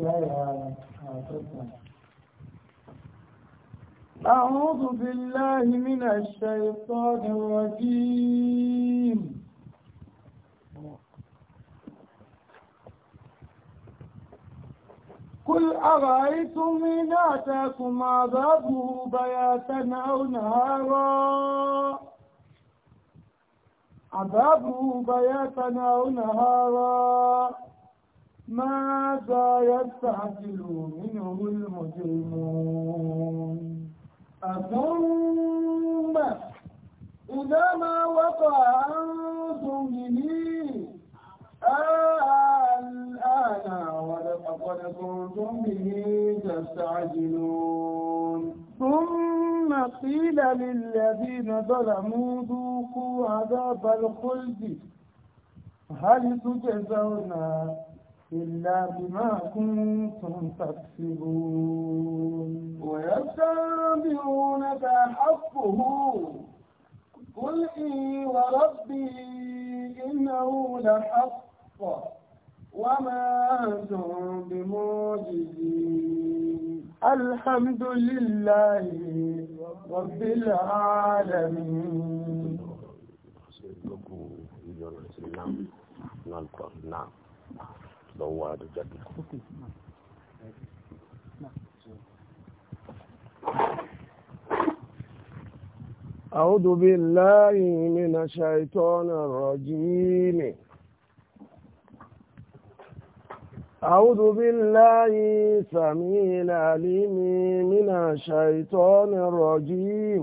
أعوذ بالله من الشيطان الرجيم قل أرأيتم من أتاكم عذابه بياتا أو نهارا عذابه بياتا أو نهارا ماذا يستعجل منه المجرمون أثم إذا ما وقع أنتم به الآن ولقد كنتم به تستعجلون ثم قيل للذين ظلموا ذوقوا عذاب الخلد هل تجزون إلا بما كنتم تكسبون ويستنبئونك حقه قل إي وربي إنه لحق وما أنتم بموجزين الحمد لله رب العالمين نعم lọ́wọ́ àdójáde. أعوذ بالله من الشيطان الرجيم أعوذ بالله سميع العليم من الشيطان الرجيم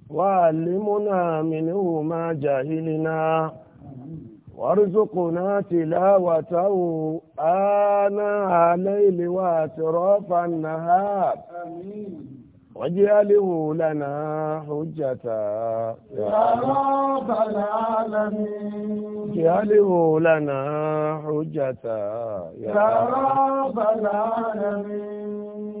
وعلمنا منه ما جهلنا وارزقنا تلاوته آناء الليل وأطراف النهار واجعله لنا حجة يا رب العالمين اجعله لنا حجة يا رب العالمين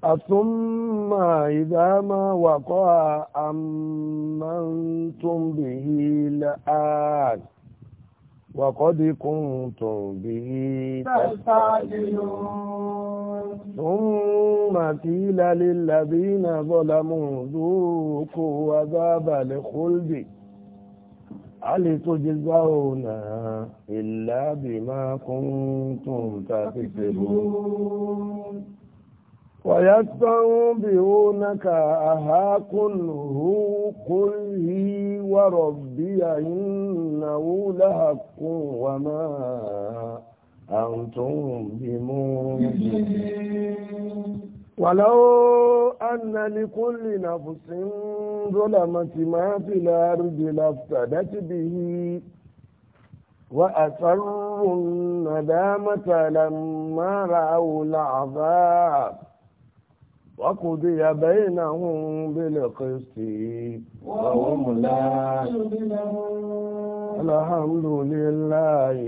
ثم إذا ما وقع أمنتم به لآن وقد كنتم به تستعجلون ثم قيل للذين ظلموا ذوقوا عذاب الخلد هل تجزون إلا بما كنتم تكسبون ويستنبئونك أها كله قل هي وربي إنه لحق وما أنتم بمؤمنين ولو أن لكل نفس ظلمت ما في الأرض لافتدت به وأسروا الندامة لما رأوا العذاب وقضي بينهم بالقسط وهم لا يظلمون الحمد لله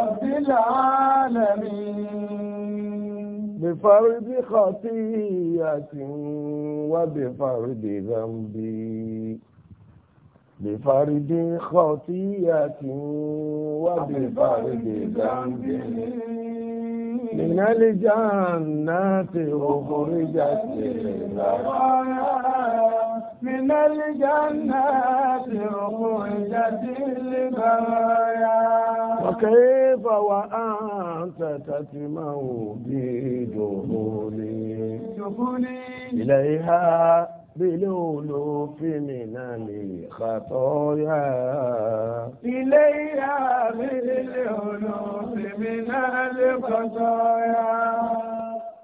رب العالمين بفرد خطيئة وبفرد ذنبي بفرد خطيئة وبفرد ذنب من الجنات أخرجت من الجنات أخرجت للبرايا وكيف وأنت تتمو بدخولي إليها بلولوف من الخطايا إليها بالألوف من الخطايا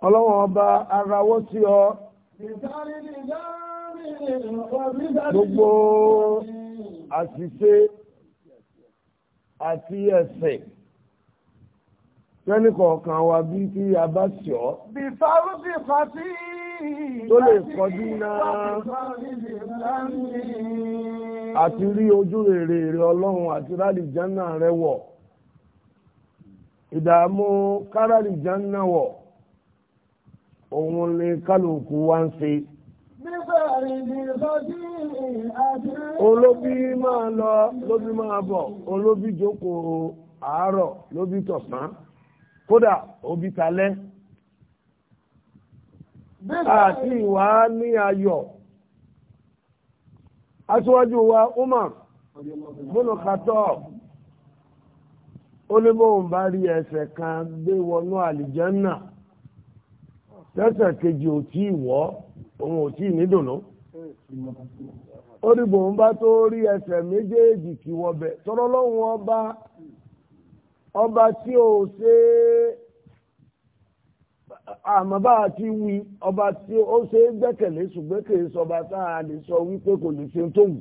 ọlọ́wọ́ ọba arawọ́ sí ọ gbogbo àṣìṣe àti ẹ̀ṣẹ̀ tẹ́nìkọ̀ọ̀kan wa bí kí a bá ṣọ́. bí fárúbì fàtí tó lè kọjú náà àti rí ojú rere rẹ ọlọ́run àti rádì jánà rẹ wọ̀ ìdààmú kárádì jánà wọ̀ òun ni kálukú wá ń ṣe. olóbí máa lọ lóbí máa bọ̀ olóbí jókòó àárọ̀ lóbí tọ̀sán kódà òbí talẹ́. àti ìwà ní ayọ̀ aṣíwájú wa Umar múnú katọ́ ó ní bá rí ẹsẹ̀ kan gbé wọnú àlìjánà tẹ́sẹ̀ kejì ò tí wọ́ òun ò tí nídùnnú ó ní bóun bá tó rí ẹsẹ̀ méjèèjì kí wọ́bẹ̀ tọ́rọ́ lọ́hùn ọba ọba tí ó ṣe àmọ́ bá a ti wí ọba tí ó ṣe é gbẹ́kẹ̀lé ṣùgbọ́n kì í sọba tá a lè sọ wípé kò lè ṣe tó wù.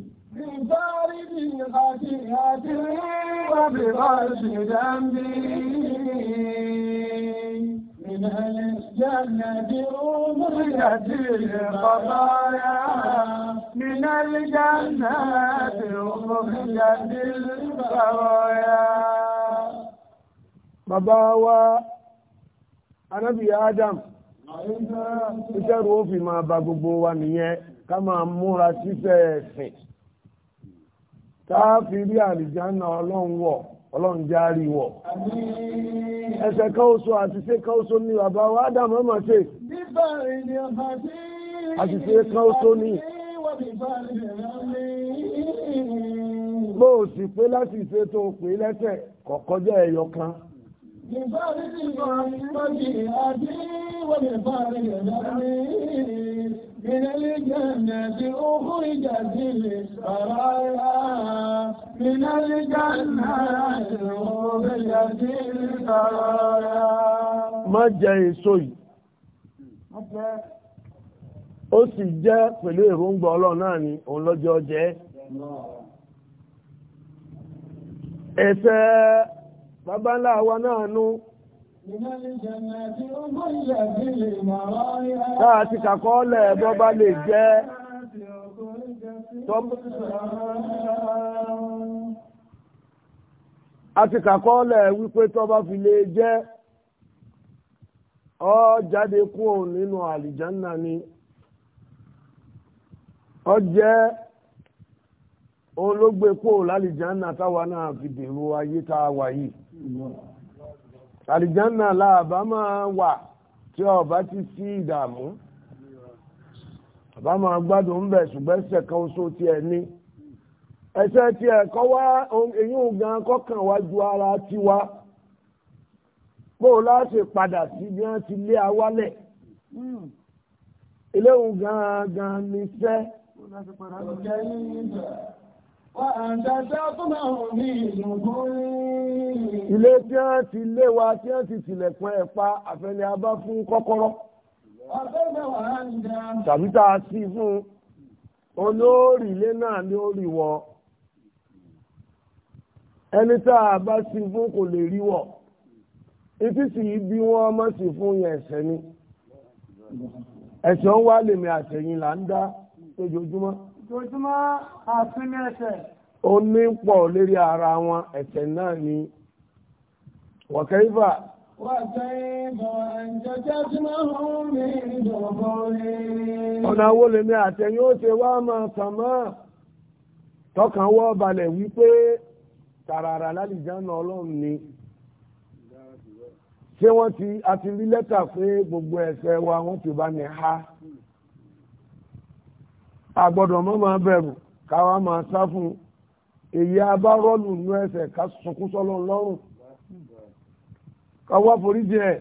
Ìbárí ni àti àti wà bí bá ṣe dáńbí. anábì adam iṣẹ́ rò ó fi máa ba gbogbo wa nìyẹn ká máa múra síṣẹ́ ẹ̀sìn rí àlìjánà ọlọ́run wọ̀ ọlọ́run járí wọ̀ ẹsẹ̀ káwọ́sọ àti ṣe káwọ́sọ ní bàbá wa adam ọmọ ṣe àti ṣe káwọ́sọ ní bóòsì pé láti ṣe tó pè lẹ́sẹ̀ ẹ̀yọ لفارق المعتدي أبي ولفارق دمي من الجنة من الجنة jẹ èso ó sì jẹ́ pẹ̀lú èròǹgbà ọlọ́run náà ni òun lọ́jọ́ jẹ́ ẹ̀ṣẹ̀ bàbá ńlá wa náà nú táà ti kàkọ́ọ́lẹ̀ ẹ̀bọ́ bá lè jẹ́ a ti kàkọ́ọ́lẹ̀ wípé tó bá fi lè jẹ́ ọ jáde kúrò nínú àlìjánná ni ọ jẹ́ òun ló gbé kó lálìjánà táwa náà fi dèrò ayé tá a wà yìí àlìjánà làbá máa wà tí ọba ti sí ìdààmú bàbá máa gbádùn ń bẹ̀ ṣùgbọ́n ẹsẹ̀ kan oṣù tí ẹ ní ẹsẹ̀ tí ẹ kọ́ wá èyí ò gan kọ́kàn ara tiwa pé o láti padà sí bí wọ́n ti lé awálẹ̀ ilé òun gan gan ní sẹ́. Ilé tí wọ́n ti lé wa tí wọ́n ti tilẹ̀kùn ẹ̀ pa àfẹ́lẹ́ abá fún kọ́kọ́rọ́. Tàbí tá a sí fún olórí ilé náà ní orí wọ. Ẹni tá a bá sí fún kò lè rí wọ̀. Etí sì bí wọ́n mọ̀ sí fún yẹn ẹ̀ṣẹ̀ ni. Ẹ̀ṣẹ̀ ń wá lèmi àṣẹ̀yìn là ń dá lójoojúmọ́ ojoojúmọ́ àtúnú ẹsẹ̀. ó ní pọ̀ lérí ara wọn ẹ̀ṣẹ̀ náà ni wàkẹ́rífà. ọ̀nà wo lèmi máa kàn mọ́ tọkàn wọ́ balẹ̀ ọlọ́run ni ṣé wọ́n ti a ti rí lẹ́tà pé gbogbo ẹ̀ṣẹ̀ wa wọ́n ti bá ní ha. agbọdọ mọ́ máa káwa máa sá fún èyí abárọ́lù nú ẹsẹ̀ ká sunkún sọ́lọ́ lọ́rùn káwa foríjì ẹ̀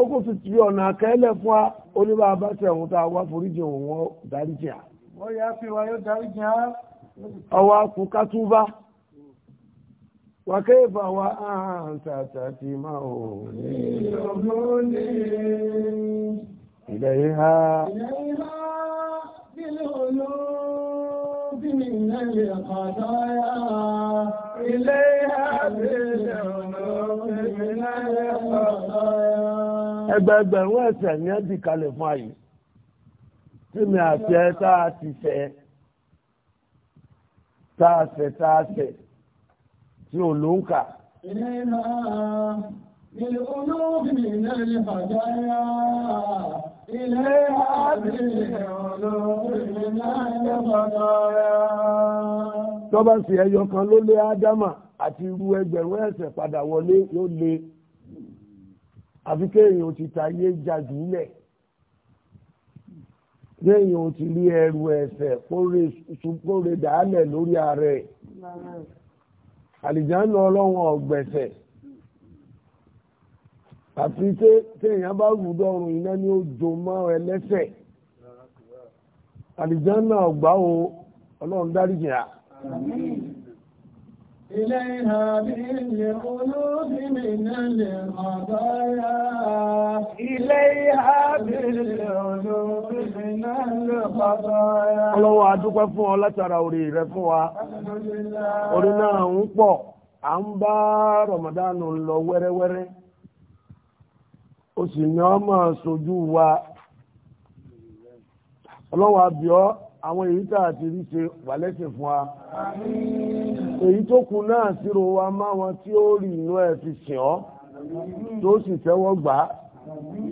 ó kò sì ti ọ̀nà àkẹ́lẹ̀ fún oníbà tá a wá foríjì òun wọn dáríjì à. wọ́n yá fi wa yóò dáríjì á. ọwọ́ ká tún bá wa ti máa ò ní بالقلوب من الخطايا إليها بالقلوب من ni ẹ dì kalẹ̀ fún àyè tí mi àti ẹ tá ti fẹ́ tá a fẹ́ tá fẹ́ tí ò ló ń kà. للقلوب من الهدايا إليها بالقلوب من الهدايا tó bá sì ẹyọ kan ló lé ádámà àti irú ẹgbẹ̀rún ẹ̀ṣẹ̀ padà wọlé yóò lé àfi kéèyàn ti tayé jajúlẹ̀ kéèyàn ò ti rí ẹrù ẹ̀ṣẹ̀ kóre dàálẹ̀ lórí ààrẹ àlìjáná ọlọ́run ọ̀gbẹ̀sẹ̀ àfi téèyàn bá rúdọ̀ ọrùn iná ni ojo jo mọ́ àlìjánà ọgbà o ọlọ́run dáríjì á. Ilé ìhà bí ilé olóbi mi náà lè mọ̀ báyá. Ilé ìhà bí ilé olóbi mi náà lè mọ̀ Ọlọ́wọ́ adúpẹ́ fún ọ látara orí rẹ fún wa. Orí náà ń pọ̀, à ń bá Ramadan lọ wẹ́rẹ́wẹ́rẹ́. ó sì ní ọmọ sojú wa ọlọ́wọ́ abiọ́ àwọn èyí tàà ti rí ṣe wàlẹ́sẹ̀ fún wa èyí tó kù náà síro wa má wọn tí ó rí inú ẹ̀ fi sìn ọ́ tó sì tẹ́wọ́ gbà á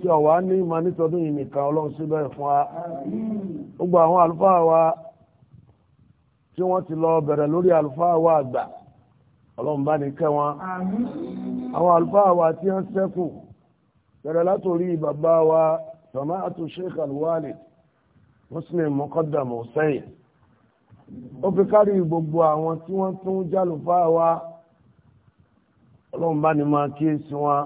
tí ọ̀wá ní ìmọ̀ nítọdún yìí ọlọ́run síbẹ̀ fún wa gbogbo àwọn àlùfáà wa tí wọ́n ti lọ bẹ̀rẹ̀ lórí àlùfáà wa àgbà ọlọ́run bá ní kẹ́ wọn àwọn àlùfáà wa tí wọ́n ṣẹ́kù bẹ̀rẹ̀ látòrí bàbá wa sàmáàtù sheikh alwalid muslim muqaddam hussein ó fi kárí gbogbo àwọn tí wọ́n tún jálùfáà wa ọlọ́run bá ní máa kíyèsí wọn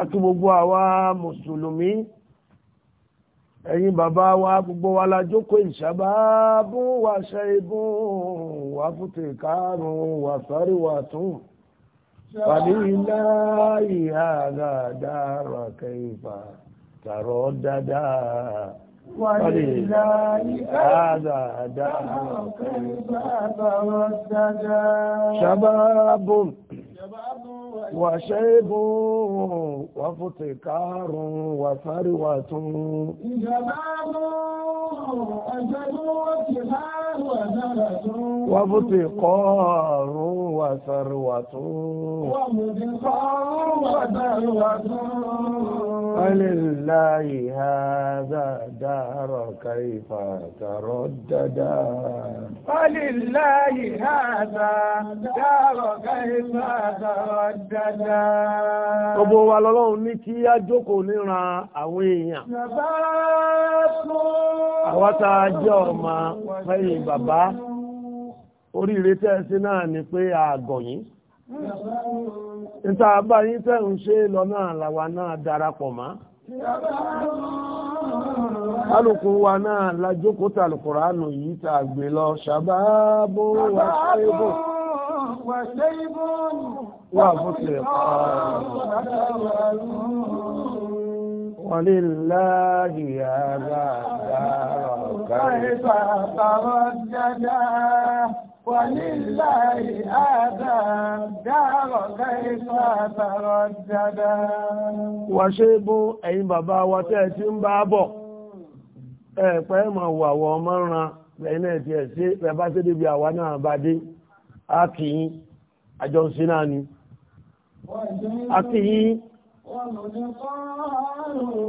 àti gbogbo àwa mùsùlùmí ẹ̀yin bàbá wa gbogbo wa la jókòó ìṣàbá bún wa ibùn wà fúté kárùn-ún wà sáré wà فلله هذا دار كيف تردد ولله هذا دار كيف تردد شباب وشيب وافتكار وثروة شباب وشيب وافتكار وثروة وابتقار وثروة ولله هذا دار كيف ترددا ولله هذا دار كيف ترددا Gbogbo wa lọ́lọ́run ní kí á jókòó níran àwọn èèyàn. Àwọn tá a jẹ́ ọmọ fẹ́yìn bàbá oríire tẹ́ ẹ sí náà ni pé àgọ̀ yín níta bá yín tẹ́ ń ṣe lọ náà làwa náà darapọ̀ mọ́ kálukú wa náà la jókòó yìí tá gbé lọ ṣàbábó wà ṣẹ́bù wà fún tilẹ̀ pààrọ̀. ولله هذا دار كيف ترددا ولله آدم دار كيف ترددا وشيبو ẹ̀yin bàbá wa tẹ́ ti ń bọ̀ mọ̀ wà wọ ọmọ ran lẹ́yìn náà ẹ̀ sí bẹ̀bá tó àwa náà bá dé a kì í àjọ sí náà ni a kì í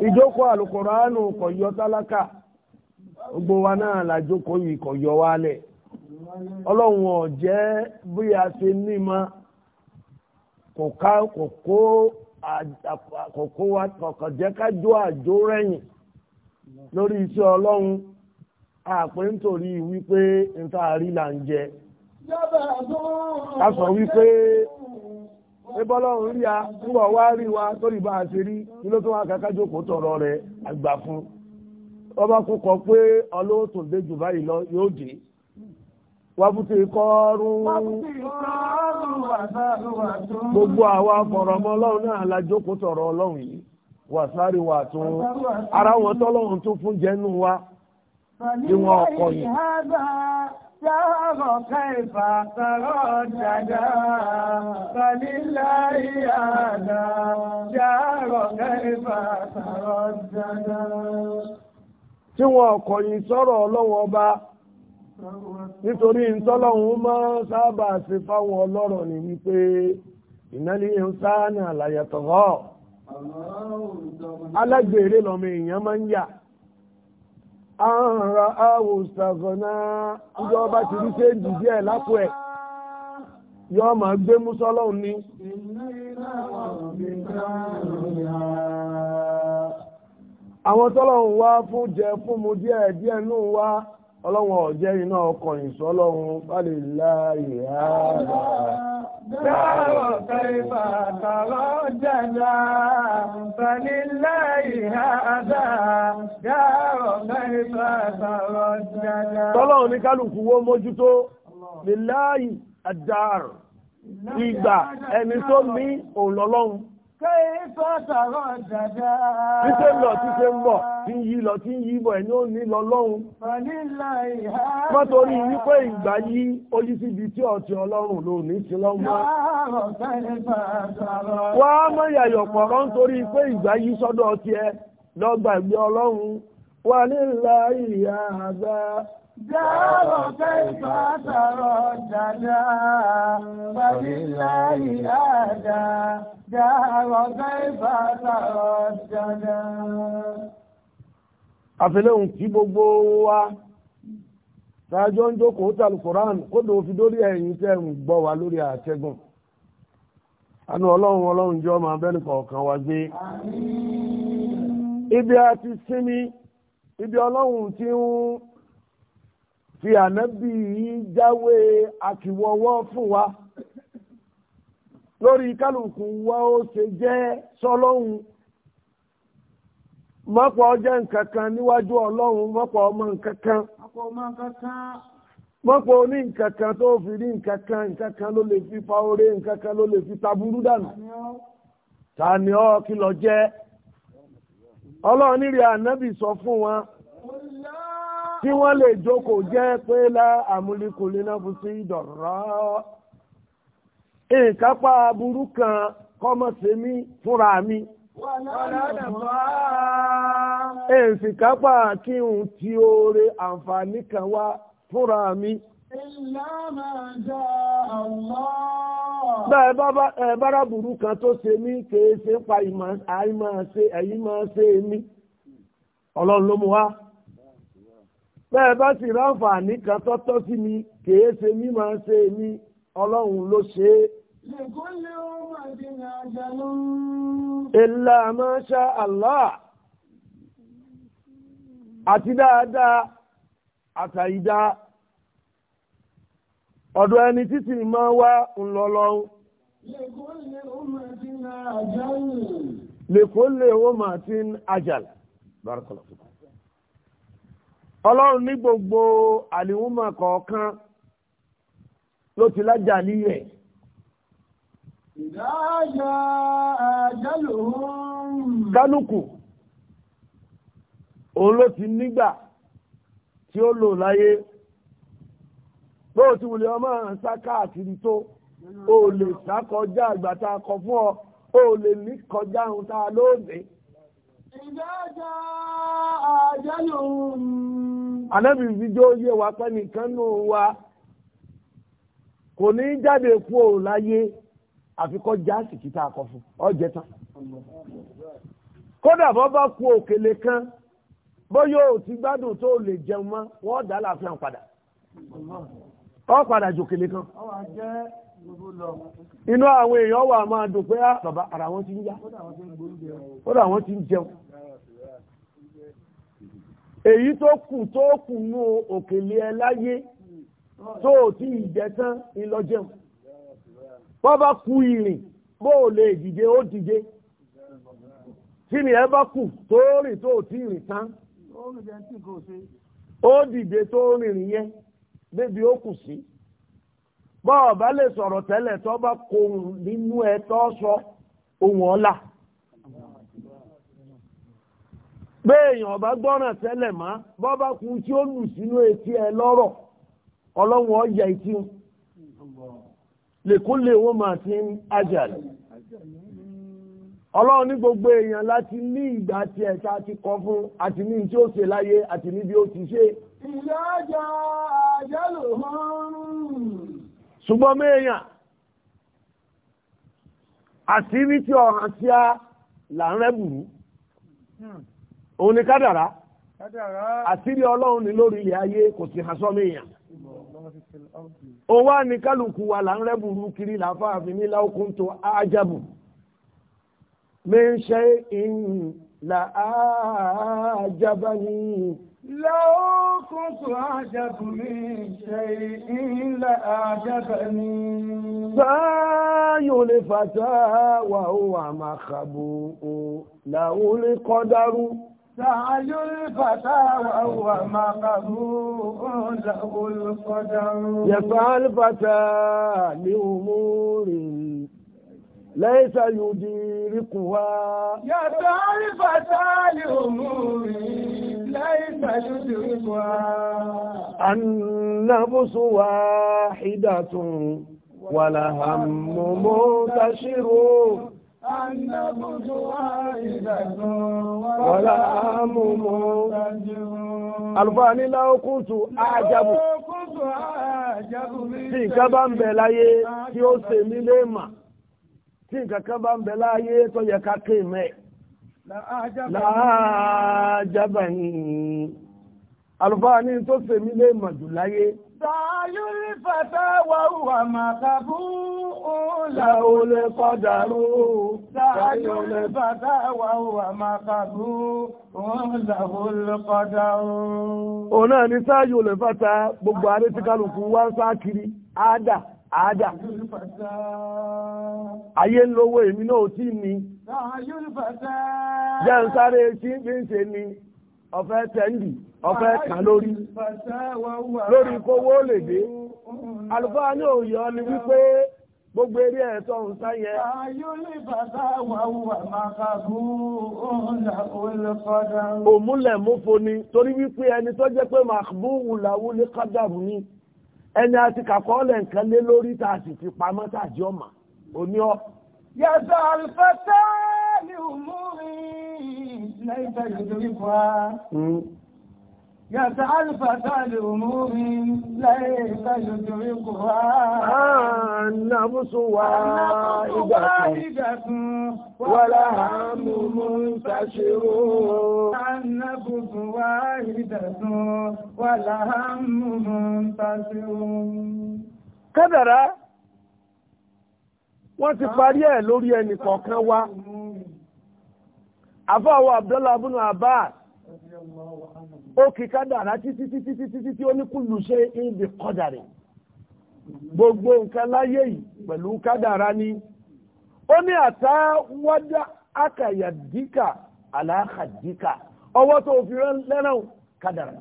ìjókòó àlùkòrò àánú kọ̀yọ́ tálákà gbogbo wa náà làjókòó yìí kọ̀yọ́ ọlọ́run ọ̀jẹ́ bí a ṣe ní ma kò wa kọ̀kọ̀ jẹ́ ká jó àjò rẹ̀yìn lórí iṣẹ́ ọlọ́run àpé nítorí wípé níta àrí là ń jẹ. ká sọ wípé ebọ́lọ́run rí a nígbà wá rí wa sórí bá a ṣe rí kí ló tó wá kàkà jókòó tọ̀rọ̀ rẹ̀ àgbà fún. ọba kò kọ pé ọlọ́tún dé jù báyìí lọ yóò dé. wàbútí kọ́ọ̀rún gbogbo àwa fọ̀rọ̀mọ́ ọlọ́run náà la ọlọ́run yìí wà wà tó ara wọn tọ́lọ́run tó fún jẹ́nu wa bí wọn ọkọ̀ yìí. Tí wọn ọkọ̀ yìí sọ̀rọ̀ ọlọ́run ọba nítorí ntọ́lọ́hún máa sábà ṣe fáwọn ọlọ́rọ̀ ni wípé ìnáli ìsáàánì àlàyàtọ̀ họ alágbèrè lọ́mọ èèyàn máa ń yà ààrà àwò ṣàgọ́nà ìjọba ti rí séǹjì díẹ̀ lápò ẹ̀ yóò máa gbé músọ́lọ́hún ní. àwọn tọ́lọ́hún wá fún jẹ fún mu díẹ̀ díẹ̀ nù wá ọlọ́wọ́n ọ̀jẹ́ iná ọkọ̀ ìṣọ́ ọlọ́run bá lè láàyè ààbà. Dáàrọ̀ kẹfà tààrọ̀ jàjà, bàní láàyè ààbà. Dáàrọ̀ kẹfà tààrọ̀ jàjà. Tọ́lọ́run ní kálukú wó mójútó, lè láàyè àdàr, ìgbà ẹni tó mí òun lọ́lọ́run. Títẹ́ lọ títẹ́ ń bọ̀, tí ń yí lọ tí ń yí bọ̀ ẹni ó ní lọ lọ́run. Mọ́ torí wípé ìgbà yí oyí síbi tí ọ̀tí ọlọ́run ló ní sí Wá mọ́ pọ̀rọ́ ẹ ọlọ́run. Wà جار كيف tí gbogbo wa ṣáájọ́ ń jókòó tàlù koran kó ló fi dórí ẹ̀yìn tẹ́ ń gbọ́ wa lórí àtẹ́gùn anú ọlọ́run ọlọ́run jọ máa wa gbé ibi a ti sinmi ibi ọlọ́run ti ń fi ànábì yìí jáwé àtiwọ́wọ́ fún wa lórí kálukú wa ó ṣe jẹ́ sọlọ́hun mọ́pọ̀ ọjọ́ nǹkan kan níwájú ọlọ́run mọ́pọ̀ ọmọ nǹkan kan mọ́pọ̀ oní nǹkan kan tó fi rí nǹkan kan nǹkan kan ló lè fi fa oore nǹkan kan ló lè fi taburú dànù ta ni ọ́ kí jẹ́ ọlọ́run nírìí ànábì sọ fún wa. tí wọ́n lè jókòó jẹ́ pé lá àmúlikùnrin náà fún sí ìdọ̀rọ̀ ìkápá burú kan kọ́mọ̀sí mi fúnra mi. Èsì kápá kí n ti oore àǹfààní kan wá fúnra mi. Bẹ́ẹ̀ bábá ẹ bára burú kan tó ṣe mí kèé ṣe ń pa ẹ̀yìn máa ṣe èmi. Ọlọ́run ló mú wá bẹ́ẹ̀ bá sì ráǹfààní kan tọ́tọ́ sí mi kìí ṣe mí máa ṣe mí ọlọ́run ló ṣe é. Èlà máa ṣá Allah àti dáadáa àtàyídá ọ̀dọ̀ ẹni títí máa wá ńlọlọ́run. Lèkó lè ó máa ti ń àjàlá. Bárakàlá fún ọlọ́run ní gbogbo àlìwúmọ̀ kọ̀ọ̀kan ló ti lájà níyẹ̀. ìdájọ́ àjálù kálukú òun ló ti nígbà tí ó lò láyé lóòtú wùlé ọmọ sá káàkiri tó o lè sá kọjá àgbà tá a fún ọ o lè ní kọjá ohun tá a lóòdè. ìdájọ́ àjálù òun ànábì fíjọ́ yé wa pẹ́ nìkan nù wa kò ní jáde fún òun láyé àfikọ́ jáàsì kíta akọ fún ọjẹ́ tán kódà bọ́ bá ku òkèlè kan bóyá ò ti gbádùn tó lè jẹun mọ́ wọ́n dà láàfin padà ọ padà jòkèlè kan. inú àwọn èèyàn wà máa dùn pé ah, bàbá ara ti ń yá kódà wọn ti ń jẹun èyí tó kù tó kù nú òkèlè ẹ láyé tó ò tí ìjẹtán ńlọjẹun bọ́ bá ku ìrìn bó o lè dìde ó dìde tí ni ẹ bá kù tó rìn tó ò tí ìrìn tán ó dìde tó rìnrìn yẹn débi ó kù sí bọ́ọ̀ bá lè sọ̀rọ̀ tẹ́lẹ̀ tó bá kó nínú ẹ tó sọ ohun ọ̀la. béèyàn ọba gbọ́ràn tẹ́lẹ̀ má bọ́bá kú tí ó lù sínú etí ẹ lọ́rọ̀ ọlọ́run ọjà etí lèkún lè wọ́n máa ti ń ajàlẹ̀ ọlọ́run ní gbogbo èèyàn láti ní ìgbà tí ẹ̀ta ti kọ fún àti ní tí ó ṣe láyé àti níbi ó ti ṣe. ìyá ajá àjálò hàn. ṣùgbọ́n méèyàn àti ibi tí ọ̀hàn tí a là ń rẹ́ òun ni kádàrá àṣírí ọlọ́run ni lórí ilẹ̀ ayé kò sì hàn sọ́mọ èèyàn òun wá ní kálukú wa là ń rẹ́bùrú kiri làfáàfin ní láókùn tó ájábù mi ń ṣe ìyìn là ájábá ní láókùn tó ájábù mi ń ṣe ìyìn là ájábá ní sáyò lè fàtà wà ó àmàkàbò láwọn lè kọ́ dárú سعي الفتى وهو مقبول له القدر يسعى الفتى لأمور ليس يدركها يسعى الفتى لأمور ليس يدركها النفس واحدة ولهم منتشر Wọ́lá mú mọ́. Àlùfáà ní láókùtù àjábù. Tí nǹkan bá ń bẹ láyé tí ó ṣe mí lé mà. Tí nǹkan kan bá ń bẹ láyé tó yẹ ká ké mẹ́. Láàjábà yìí. Àlùfáà tó ṣe mí lé mà jù láyé. Sàálù rí fàtà wà wà màkàbú. láwo lè kọjá ró sáájú lè wà wà màkàbú òun láwo lè òun náà ní sáájú lè gbogbo àrẹ tí kálukú kiri ádà àádà. Ayé ń lówó èmi náà tí ni. Jẹ́ ń sáré tí ń fi ń ṣe ni, ọ̀fẹ́ tẹ́ndì, ọ̀fẹ́ kà lórí. Lórí kówó lè dé. Àlùfáà ní ni wípé Gbogbo eré ẹ̀tọ́ ń sáyẹ. Ayúlé bàbá wà wà máa kàbú òǹlà olùkọ́dà. Òmúlẹ̀ múfo ni torí wípé ẹni tó jẹ́ pé màkbú wùlàwú lè kádàrú ni. Ẹni àti kàkọ́ọ̀lẹ̀ nǹkan lé lórí tá a sì ti pamọ́ tàjí ọ̀mà. Òní ọ. Yàtọ̀ àlùfẹ́tẹ́ ni òmúrin lẹ́yìn tẹ̀lé lórí fún wa. Hmm. يسعى فتى لأمور ليس يدركها النفس واحدة ولها هم منتشر النفس واحدة ولها هم منتشر kádàrá wọ́n ti parí ẹ̀ lórí ẹnì kọ̀ọ̀kan wa àfáà Abdullahi abunu Abbas ó kì kádàrá títí títí títí tí ó ní kúlù ṣe ibi kọ́dàrí gbogbo nǹkan láyé yìí pẹ̀lú kádàrá ni ó ní àtàwọ́dá akàyàdíkà aláàkàdíkà ọwọ́ tó fi rán lẹ́ràn kádàrá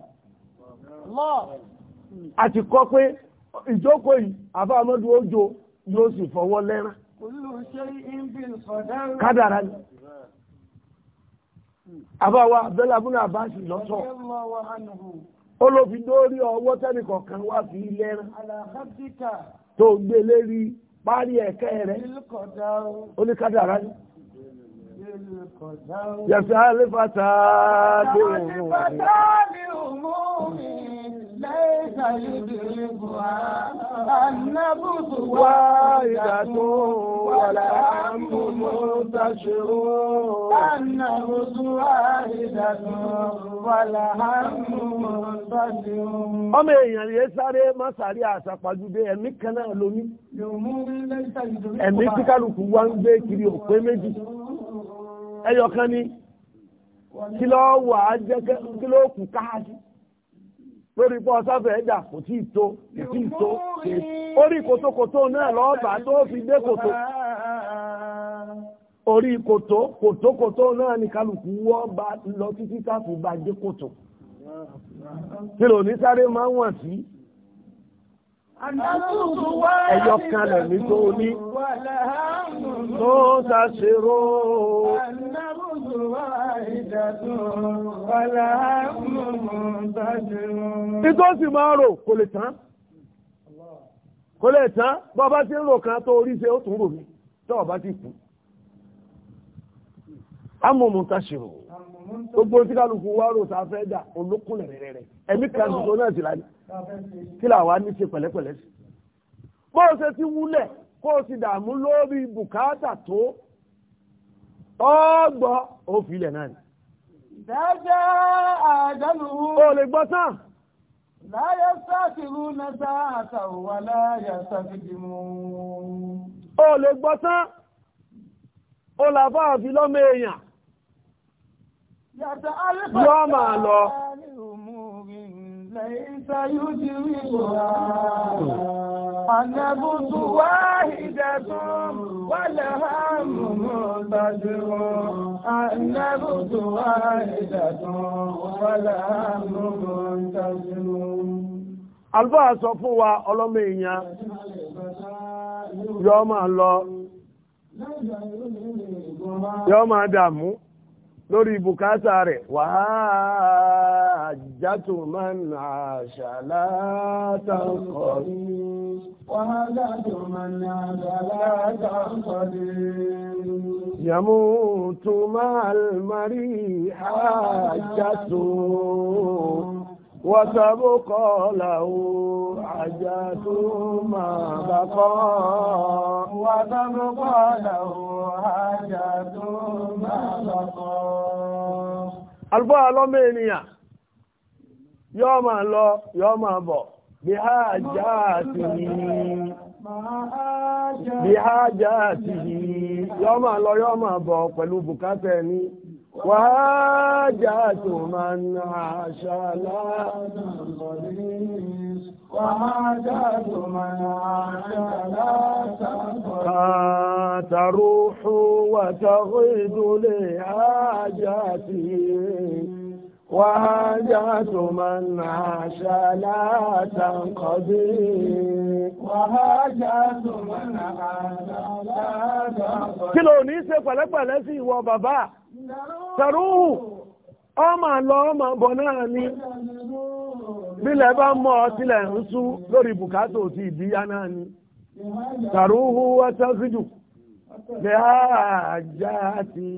àti kọ́ pé ìjókòó yìí àfá àmọ́dù òjò yóò sì fọwọ́ lẹ́ràn kádàrá ni àbáwá abẹ́lẹ̀ abúlé àbáṣì lọ́sọ̀ ó fi ọwọ́ tẹ́nìkọ̀ kan wá fi lẹ́rán tó gbé lérí parí ẹ̀kẹ́ rẹ̀ oníkádàrá ní yẹ̀sẹ̀ alẹ́fàtà ní òun ليس يدركها النفس واحدة والهم منتشر النفس واحدة والهم منتشر ọmọ èèyàn yẹ sáré má sáré àtàpàjúdé ẹ̀mí kan lóní ẹ̀mí tí kálukú wá ń gbé kiri òpé méjì ẹyọ kan ní kí kí lórí pọ́ sáfẹ́ ẹ̀dà kò tí tó kò tí tó orí kòtòkòtò náà lọ́ọ̀bà tó fi dé kòtò orí kòtò kòtòkòtò náà ní kálukú wọ́ bá lọ títí káfù bá dé kòtò tí lò ní sáré máa wọ̀n sí ẹyọ kalẹ̀ ní tó ní tó sàṣeró Ìtọ́ sì máa rò kò lè tán. Kò lè tán, bọ́ bá ti ń rò kan tó orí ṣe ó tún rò mí, tọ́ bá ti kú. A mọ̀ mọ̀ tá ṣe rò. Gbogbo tí kálukú wá rò tá fẹ́ dà olókùnlẹ̀ rẹ̀ rẹ̀. Ẹ̀mí kan tuntun náà sì láyé. Kí làwa ní ṣe pẹ̀lẹ́pẹ̀lẹ́ sí? Bó o ṣe ti wúlẹ̀, kó o ti dààmú lórí bùkátà tó ọgbọ́ ó filẹ̀ náà ni. Dájẹ́ àjálù. O lè gbọ́ tán. Láyé sáàkìrú mẹ́ta àtàwà láyé sáàkìdìmú. O lè gbọ́ tán. O làbá àfi lọ́mọ èèyàn. Yàtọ̀ alẹ́fà. Yọ́ máa lọ. ليس يدركها النبض واحدة والهم بدر النبض واحدة والهم منتظر Àlùfáà sọ fún wa ọlọ́mọ èèyàn yọ máa lọ, yọ máa dààmú lórí bùkátà rẹ̀ wàá jàtò máa ń àṣàlá tàǹkọ̀ ní man jàtò máa ń àṣàlá tàǹkọ̀ ní yàmú tó máa mari àjàtò. وسبقى له حاجات ما بقى وسبقى له حاجات ما بقى Àlùfáà ọlọ́mọ ènìyàn yóò máa lọ, yóò máa bọ̀, bí hájá àti yìí, bí hájá àti yìí, yóò máa lọ, yóò máa bọ̀ pẹ̀lú bùkátà ẹni, وهاجات من عاشلا وهاجات من عاشلا تروح وتغيد لحاجاتي وهاجات من عاش لا تنقضي وهاجات من عاش لا تنقضي kí ló ní ṣe pẹ̀lẹ́pẹ̀lẹ́ sí tẹ̀rúhù ọmọ lọ ọmọ bọ̀ náà ni bílẹ̀ bá mọ́ ọtílẹ̀ ń sú lórí bùkátà ti ìdíyá náà ni tẹ̀rúhù wọ́tẹ́sídù bẹ́hájáàtì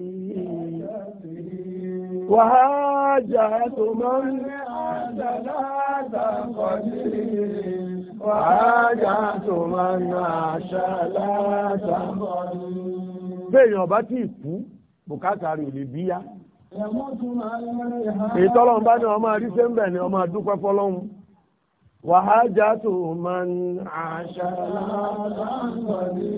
wàhájá tó máa ń wàhájá tó máa ń náà ṣàlátà Béèyàn bá ti kú bukata rẹ̀ ò lè bíyá ìtọ́lọ́run bá ní ọmọ àríṣẹ́ ń bẹ̀ ni ọmọ àdúpẹ́ fọlọ́run wàhájá tó máa ń àṣà láàbàbí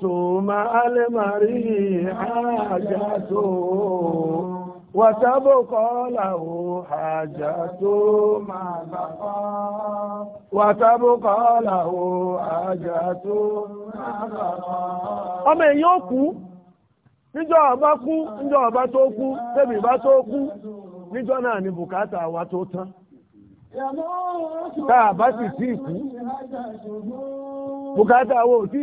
tó máa وتبقى له حاجة ما بقى وتبقى له حاجة ما kú níjọ́ ọba kú níjọ́ ọba tó kú tẹ́bí bá tó kú níjọ́ náà ni bùkátà wa tó tán tá a bá sì tí ì bùkátà wa ò tí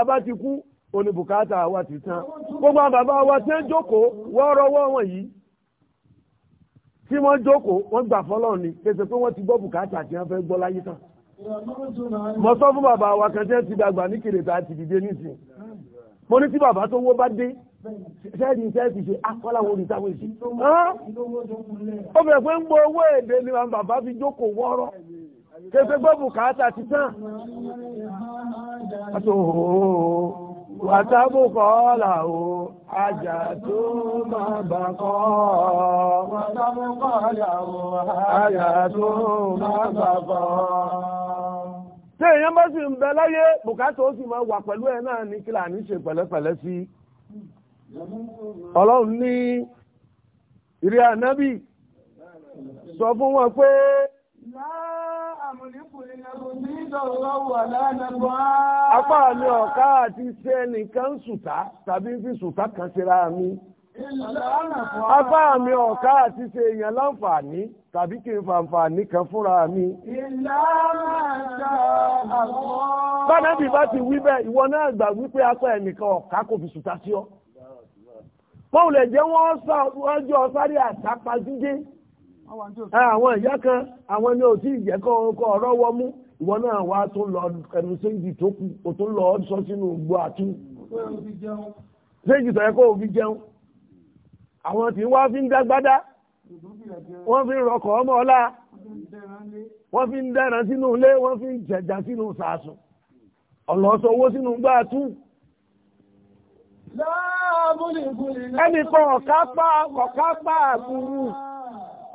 ọba ti oní bùkátà wa ti tán gbogbo àwọn wa tí ń jókòó wọ́ọ́rọ́wọ́ wọn yìí tí wọ́n jókòó wọ́n gbà fọ́lọ́run ni pèsè pé wọ́n ti gbọ́ bùkátà tí wọ́n fẹ́ gbọ́ láyé tán mo sọ fún bàbá wa kan tí ti dàgbà ní kèrètà àti dìde nísìn mo ní tí bàbá tó wó bá dé sẹ́ẹ̀dì sẹ́ẹ̀dì ṣe akọ́láwọ̀ olùtàwọn èsì ó bẹ̀rẹ̀ pé ń gbọ́ owó èdè ni bàbá fi jókòó wọ́ọ́rọ́ kẹfẹ́ gbọ́ bùkátà ti tán wàtàbù kọ́ọ̀là o ajá tó máa bà kọ́ wàtàbù kọ́ọ̀là o ajá tó máa bà kọ́. tí èèyàn bá sì ń bẹ láyé bùkátà ó sì máa wà pẹ̀lú ẹ̀ náà ní kílà ní ṣe pẹ̀lẹ́pẹ̀lẹ́ sí ọlọ́run ní ìrí ànábì sọ fún wọn pé. láà Apá mi ọ̀ká àti iṣẹ́ nìkan sùtá tàbí fi sùtá kan síra mi. Apá mi ọ̀ká àti ṣe èèyàn láǹfààní tàbí kí n fàǹfààní kan fúnra mi. Bánàbì bá ti wí bẹ́ẹ̀, ìwọ náà gbà wípé apá ẹnìkan ọ̀ká kò fi sùtá sí ọ. Pọ́ùlẹ̀ jẹ́ wọ́n sáré àtàpá jíjẹ́. Ah, àwọn ìyá kan àwọn ni ò tí ì jẹ́ kọ́ ọkọ̀ ọ̀rọ̀ wọ́n mú ìwọ náà wá tó lọ ẹnu séjì tó kù ò tó lọ sọ sínú gbọ àtú séjì tó yẹ kó o fi jẹun àwọn tí wọ́n fi ń dágbádá wọ́n fi ń rọkọ̀ ọmọ ọlá wọ́n fi ń dára sínú ilé wọ́n fi ń jẹ̀jà sínú sàásùn ọ̀lọ́sọ owó sínú gbọ́ àtú ẹnì kan ọ̀ká pa ọ̀ká pa àkùrù.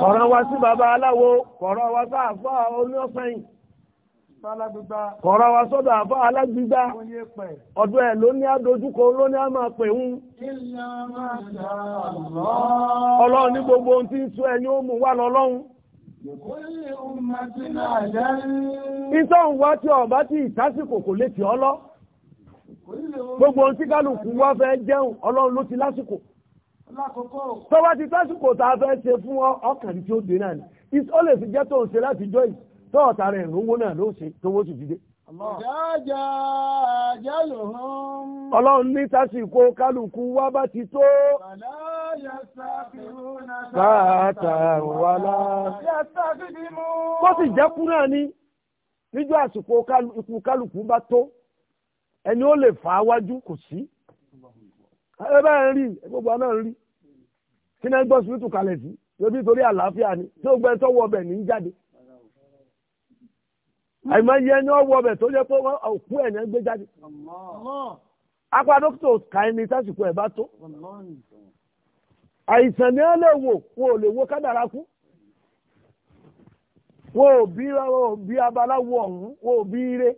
Kọ̀rọ̀ wa sí bàbá aláwo, kọ̀rọ̀ wa sáàfá olóṣẹ́yìn, kọ̀rọ̀ wa sọ́dọ̀ àfá alágbígbá, ọdún ẹ̀ ló ní àdójúkọ ló ní a máa pè ń. Ọlọ́run ní gbogbo ohun tí ń sọ ẹni ó mú wá lọ́lọ́run. Ìtọ́hùn wá tí ọ̀bá tí ìtásìkò kò lè tì ọ́ lọ. Gbogbo ohun tí kálukú wá fẹ́ jẹun, Ọlọ́run ló ti lásìkò tọ́wọ́ ti tásìkò tá a fẹ́ ṣe fún ọkàn tí ó dé náà ni ó lè fi jẹ́ tó ń ṣe láti jọ yìí tọ́wọ́ ta rẹ̀ lówó náà ló ṣe tówó sì dìde. ọlọ́run ní tásìkò kálukú wá bá ti tó. bàtà wàlá. kó sì jẹ́kú náà ni níjọ́ àsìkò ikú kálukú bá tó ẹni ó lè fà á wájú kò sí. ẹ bá nri rí gbogbo àná ń rí kí náà gbọ́ sùúrù kalẹ̀ sí ni tí ó gbẹ tọ́wọ́ ọbẹ ní jáde àìmọ yẹ ní ọwọ ọbẹ̀ tó jẹ́ pé òkú ẹ̀ ní gbé jáde apá dókítà ká ẹni sásìkò ẹ̀ bá tó àìsàn ni lè wò lè kádàrá kú bí ọ̀hún bí ire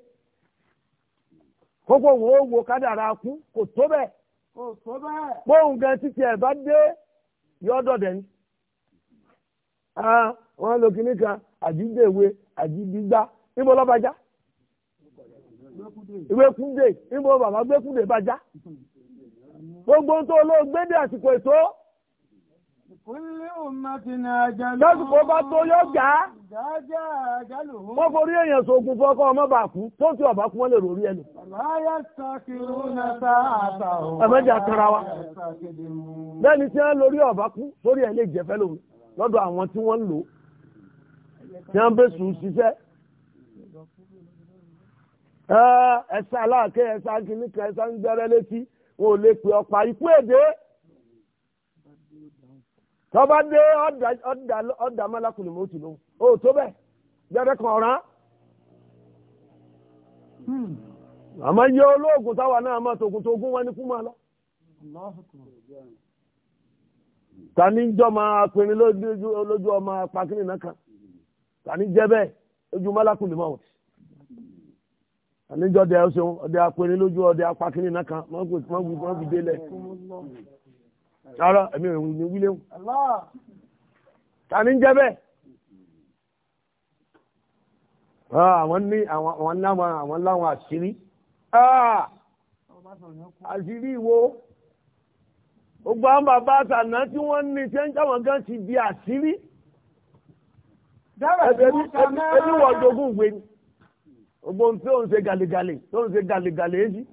kókó wọn ò wo kádàrá kú kò tó bẹ́ẹ̀. bóun gan títí ẹ̀ bá dé yọ́dọ̀ dẹ̀ ní. wọ́n lo kinní kan àjídèwe àjídígbá níbo lọ́ba já ìwé kúndé níbo bàbá gbé kúndé bá já gbogbo tó ló gbé dé àsìkò ètò lásìkò bá tó yóò já wọ́n forí èèyàn sógun fọ́kọ́ ọmọ bà kú tó tí ọ̀bá kú wọ́n lè rórí ẹnu ẹ̀mẹ́jà tara wa lẹ́ni tí wọ́n lórí ọ̀bá kú sórí ẹ̀ lè jẹ́fẹ́ lórí lọ́dọ̀ àwọn tí wọ́n ń lò tí wọ́n bẹ́ sùn ṣiṣẹ́ ẹ̀ẹ́sà láàkẹ́ tọ́ba dé ọ̀dà mọ́lákùnrin mọ́tò ló ó tó bẹ́ẹ̀ jẹ́rẹ́ kan ọ̀ràn. Hmm. àmọ́ iye olóògùn táwa náà máa tògùn tó gún wọn ní kú máa lọ. ta ni máa pinrin lójú ọmọ pàkínì náà kan ta ni jẹ́ bẹ́ẹ̀ lójú mọ́lákùnrin mọ́tò àníjọ́ ọdẹ lójú ọdẹ náà kan ọ̀rọ̀ ẹ̀mí òun ni wílé wù. ta ni ń jẹ́ bẹ́ẹ̀. àwọn ní àwọn láwọn àwọn láwọn àṣírí. àṣírí wo gbogbo àwọn bàbá àtàná tí wọ́n ní ṣé ń jáwọn gan ti di àṣírí. ẹbí wọ́n jogún ìwé ni gbogbo ohun tí òun ṣe gàlégàlé tó ń ṣe gàlégàlé yìí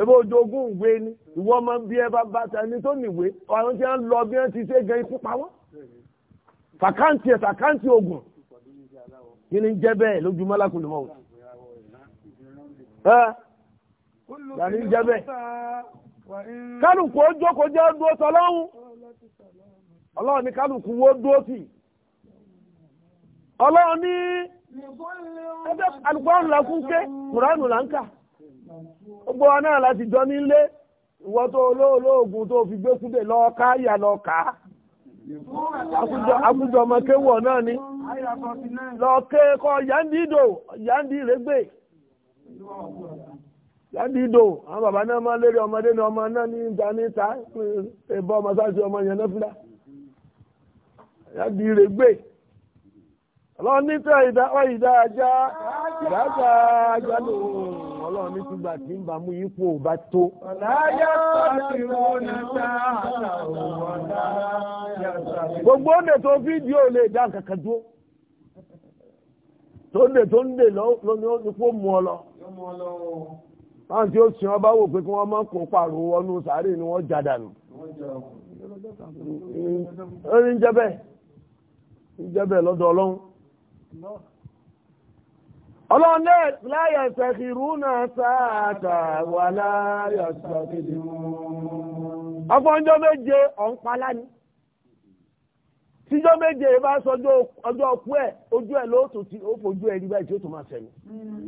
ebo ojogun ìwé ni ìwọ ọmọ bí ẹ bá bá ẹni tó níwèé àwọn tí wọn lọ bí wọn ti ṣe gan ikú pa wọn fàkáǹtì ẹ fàkáǹtì ogun kí ni jẹ bẹ́ẹ̀ lójúmọ́ lákùnrin mọ òtún yàrá ń jẹ bẹ́ẹ̀ kálukú ó jókòó jẹ́ dúró tọ́lọ́hún ọlọ́run ní kálukú wo dúró tì ọlọ́run ní ẹgbẹ́ alùpùpù la kún ké kùránù là ń kà gbogbo wa náà láti jọ nílé ìwọ tó olóògùn tó fi gbé kúndé lọ ká yà lọ kà á àkùjọ ọmọ kéwọ̀ náà ni lọ ké kọ yáǹdì ìdò yáǹdì ìrẹ́gbẹ́ àwọn bàbá náà máa lérí ọmọdé ní ọmọ náà ní ìjà níta ìbọn ọmọ sáà ọlọ́run ní tẹ́ ìdáwọ́ ìdá ajá ìdájà ajá ló ọlọ́run ní túgbà tí ń bá mú yípo bá tó. ọ̀láyà láti rọ́ọ̀nà sáà ọ̀dà gbogbo ọ̀nà tó fídíò lè dá kankan dúró tó ń dè tó ń dè lóní ipò mú ọ lọ. báwọn tí ó sin ọba wò pé kí wọ́n máa kó pààrọ̀ wọnú sàárè ni wọ́n já dànù. ó ní jẹ́ bẹ́ẹ̀ ní jẹ́ bẹ́ẹ̀ lọ́dọ̀ ọlọ́run ọlọ́run láyé ṣẹ̀kìrú náà sáàtà wà láyé ṣẹ̀kìrú ọgbọ́njọ́ méje ọ̀npalá ni tíjọ́ méje bá sọjọ́ ọjọ́ ọkú ẹ̀ ojú ẹ̀ lóòtò tí ó fojú ẹ̀ rí báyìí tí ó tó máa sẹ̀yìn mm.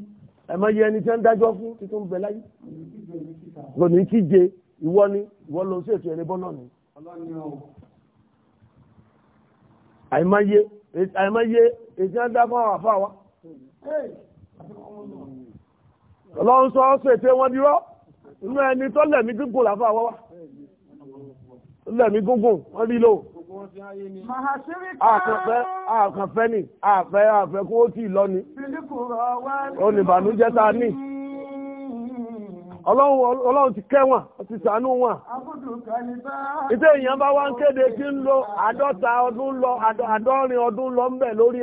ẹ̀mọ́ yẹ ẹni tí wọ́n dájọ́ fún títún bẹ láyé lónìí kíje ìwọ ni ìwọ ló sí èjì ń fún àwọn wa ọlọ́run sọ ọ́ pèsè wọn dirọ́ inú ẹni tó lẹ̀mí gígùn wa wa lẹ́mí gúngùn wọ́n lò àkànfẹ́ àkànfẹ́ ni àfẹ́ àfẹ́ kó tí ì lọ́ni oníbànújẹ́ ta ní ọlọ́run ti kẹ́wọ̀n ti wọn lọ àádọ́rin ọdún lọ ń bẹ̀ lórí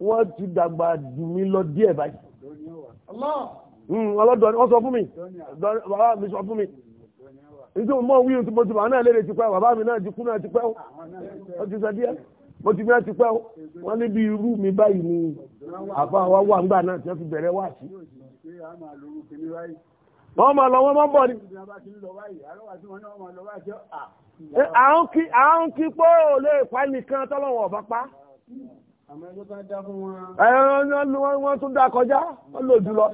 wọ́n ti dàgbà jù mí lọ díẹ̀ báyìí hmm, ọlọ́dọ̀ wọ́n sọ fún mi bàbá mi sọ fún mi ìjọ mọ́ wíyùn tí mo ti bàbá náà lérè ti pẹ́ bàbá mi náà ti kú náà ti pẹ́ ó ti sọ díẹ̀ mo ti mìíràn ti pẹ́ o wọ́n níbi irú mi báyìí ni àfa wa wà ńgbà náà tí wọ́n fi bẹ̀rẹ̀ wá sí. wọ́n máa lọ wọ́n máa ń bọ̀ ni. àwọn kí pé ò lè pa nìkan tọ́lọ́wọ̀ ọ̀bá pa. Ẹ̀rọ wọn tún dá kọjá, wọ́n lò jùlọ.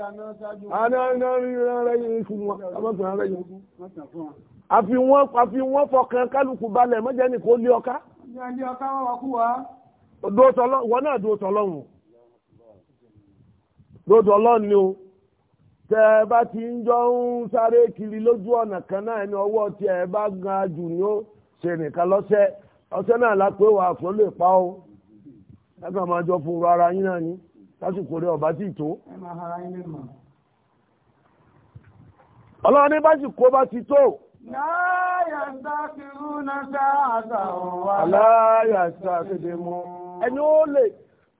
Àfi wọ́n àfi wọ́n fọkàn kálukú balẹ̀ mọ́jẹ́ ní kó lé ọká. Wọ́n náà dúró tọ́lọ́run. Dúró tọ́lọ́run ni o. Tẹ́ bá ti ń jọ ń sáré kiri lójú ọ̀nà kan náà ni ọwọ́ tí ẹ bá gan jù ni ó ṣe nìkan lọ́sẹ̀. Ọ̀sẹ̀ náà lápé wà fún lè pa ó. ẹgbẹ́ máa jọ fún ara yín náà ni lásìkò rẹ̀ ọba tí tó. ọlọ́run ní bá ti tó. aláyà sàkéde mọ́ ẹni ó lè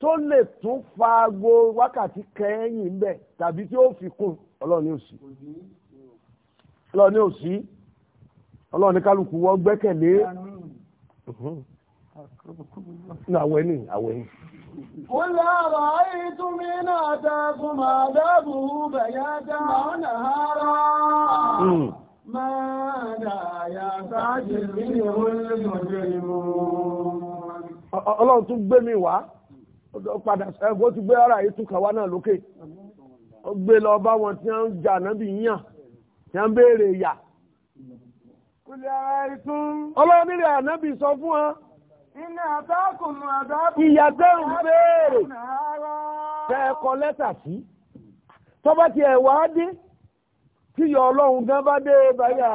tó lè tún fa aago wákàtí kẹ́yìn ń bẹ̀ tàbí tí ó fi kún ọlọ́run ní òsì ọlọ́run ní òsì ọlọ́run ní kálukú wọ́n Ní àwọ̀ ẹni, àwọ̀ ẹni. Wọ́n lára ètò mi náà dákun máa dábù bẹ̀yà dáhùn àárá. Máa dàyà sáájì ní ìwọ̀n Ọlọ́run tún gbé mi wá, padà ẹgbẹ́ tún gbé ara yìí tún kàwá náà lókè. Ó gbé lọ bá wọn tí wọ́n ń jà náà bí yàn, tí wọ́n ń béèrè ìyà. Ọlọ́run ànábì sọ fún wọn. ìyà ń béèrè lẹ́tà sí tọ́bá ti ẹ̀wà dé tí yọ ọlọ́run gan bá dé báyà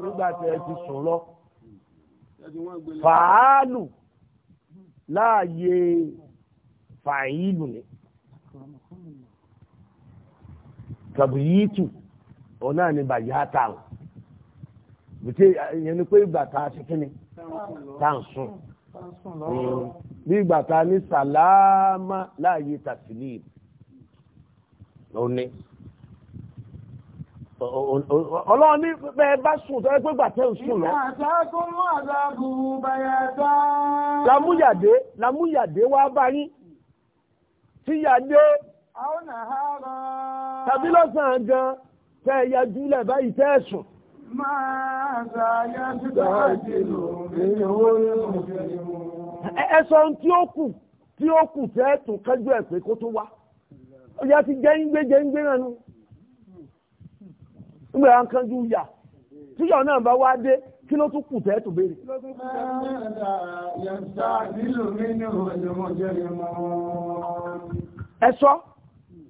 nígbà ti sùn lọ fàálù láàyè fàílù ni tàbíyìtù ọ̀nà ni bàyá tààrùn bìtẹ́ ṣe kí ni. tàǹsùn hmm. bí ìgbà ta ní sàlámà láàyè tàsílìm òní ọlọ́run ní pẹ́ bá sùn tọ́rẹ pé gbàtẹ́ òsùn lọ. lámúyàdé lámúyàdé wá bá yín tíyàdé tàbí lọ́sàn-án gan tẹ́ ẹ̀yà jùlẹ̀ báyìí tẹ́ ẹ̀sùn ẹ̀sọ́ tí ó kù tí ó kù tẹ́ tó kájú ẹ̀ pé kó tó wá ọjà ti jẹ́ ń gbé jẹ́ ń gbé náà nù nígbà yà ń kánjú yà tíyọ̀ náà bá wá dé kí ló tún kù tẹ́ tó béèrè. ẹ̀sọ́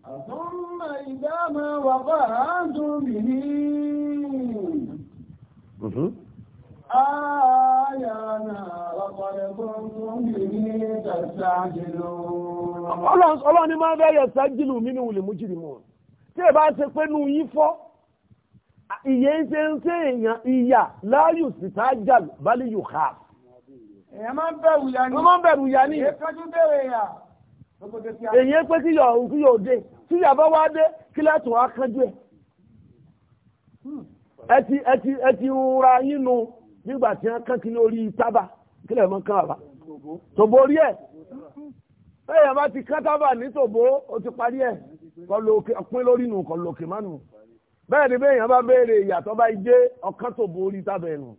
ثم إذا ما وقع ni máa bẹ́ẹ̀ yẹ sájìlù nínú ìwòlè mújìlì mọ́ tí ẹ bá ṣe pé nù yín fọ́ ìyẹ́ ń ṣe ń ṣe èèyàn ìyà láàyò sì sájà bálíyò ká. èèyàn máa ń bẹ̀rù ìyà ni. wọ́n máa èèyàn pé kí yọ̀ òun kí yọ̀ tí yàbá wá dé kí lẹ́tùn wá kánjú ẹ̀ hmm. ẹti ẹti ẹti ra yínú nígbà tí wọ́n kán kí ní orí tábà kí lẹ́ mọ́ kán bàbá tòbó orí ẹ̀ hmm. ẹ̀yà bá ti kán tábà ní tòbó ó ti parí ẹ̀ pín lórí nù kọ̀ lòkè mánu bẹ́ẹ̀ ni bẹ́ẹ̀ yẹn bá béèrè ìyàtọ̀ bá jẹ́ ọ̀kan tòbó orí tábà ẹ̀nu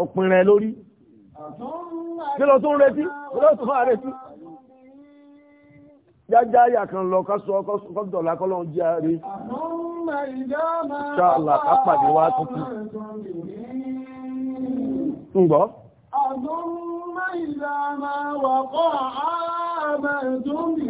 òpin lórí kí ló tún retí kí ló tún retí jájá àyà kan lọ kásọ kọ́dọ̀lá kọ́lọ́n jẹ́ ààrẹ ṣáàlà kápàdé wá tuntun ń gbọ́ ọlọ́run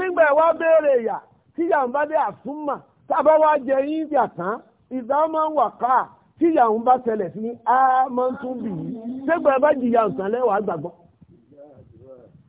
nígbà ẹ̀wà béèrè ìyà tí ìyà ń bá dé àsúnmà tábọ́ wá jẹ yín ìyà tán ìdámọ́ wà káà tí ìyà ń bá ṣẹlẹ̀ sí á mọ́ tún bì í ṣégbà ẹ bá jìyà ń tán lẹ́wàá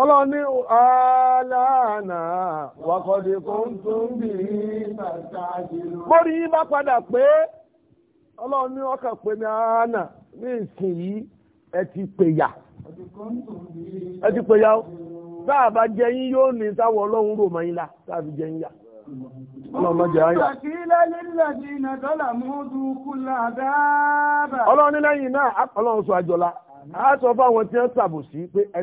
ọlọ́ni aláàánà wàkọ̀dé kan tó ń bì í mórí bá padà pé ọlọ́ni ọkàn pé ní aláàánà ní ìsìn yìí ẹ ti pèyà ẹ ti pèyà ó sáà bá yóò ní sáwọn ọlọ́run rò mọ́ yín la sáà lẹ́yìn náà, ọlọ́run sọ àjọlá, a sọ pé ẹ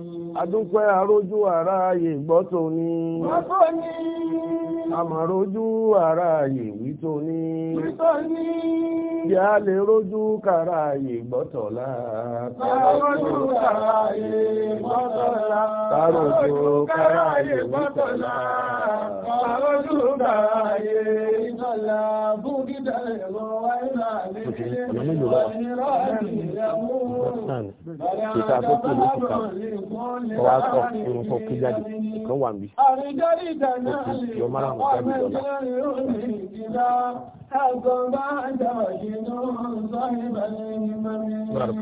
adúpẹ́ arójú ara ààyè gbọ́ tóní. gbọ́ rójú ara ààyè wí tóní. bí a lè rójú kara ààyè gbọ́ tọ̀la. kara ààyè gbọ́ tọ̀la. kara ààyè kọ́ wa sọ irun kọ́ kí jáde ìkan wà mí òkè yọ mara mọ̀ jáde lọ́la. Bọ́lá